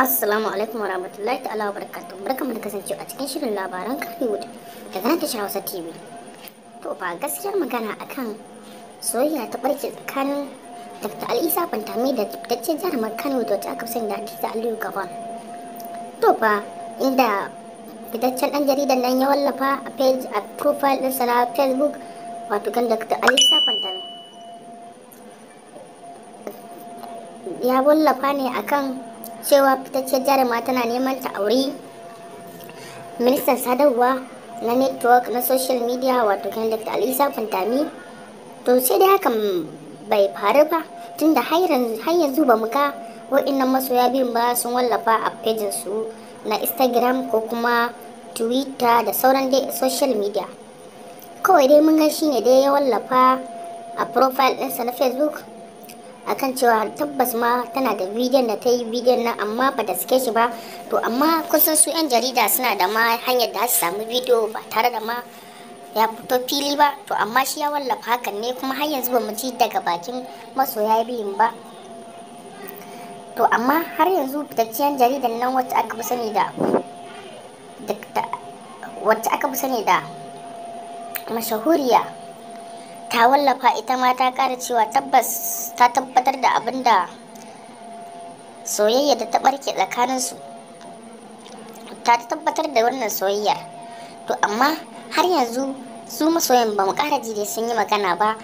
Assalamu alaikum warahmatullahi ta'ala wa barakatuh. Barkamu da kasance a cikin shirin labaran Kaniwood daga nan tashar Hausa TV. To ba gaskiyar magana akan soyayya ta barke tsakanin Dr. Alisa Fantami da fitaccen jarumar da wata aka sani da Hadiza Aliyu Gabon. To ba inda fitaccen dan jaridan nan ya wallafa a page a profile ɗinsa na Facebook wato kan Dr. Alisa Fantami. Ya wallafa ne akan cewa fitaccen jaruma tana neman ta aure ministan sadarwa na network na social media wato kan dr alisa fantami to sai dai hakan bai faru ba tun da har yanzu ba mu ga wa'innan masoya biyun ba sun wallafa a pejin su na instagram ko kuma twitter da sauran dai social media kawai dai mun ga shine dai ya wallafa a profile ɗinsa na facebook akan cewa tabbas ma tana da bidiyon da ta yi bidiyon nan amma ba da suke shi ba to amma kusan su 'yan jarida suna da ma hanyar da su samu bidiyo ba tare da ma ya fito fili ba to amma shi ya wallafa hakan ne kuma har yanzu ba ji daga bakin masoya biyun ba to amma har yanzu fitacciyar jaridar nan wacce aka fi sani da wacce aka fi sani da mashahuriya ta wallafa ita ma ta kara cewa tabbas ta tabbatar da abin da soyayya da ta tsakanin su ta tabbatar da wannan soyayyar to amma har yanzu su masoyan ba mu ƙara ji dai sun yi magana ba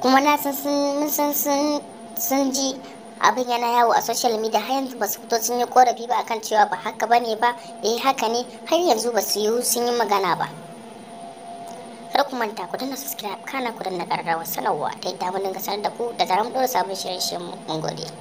kuma na san sun sun ji abin yana yawo a social media har yanzu ba su fito sun yi korafi ba akan cewa ba haka bane ba eh haka ne har yanzu ba su yi sun yi magana ba kar ku manta ku danna subscribe kana ku danna ƙararrawar sanarwa ta yadda mun dinga sanar da ku da zaran mu dora sabon shirye-shiryen mu mun gode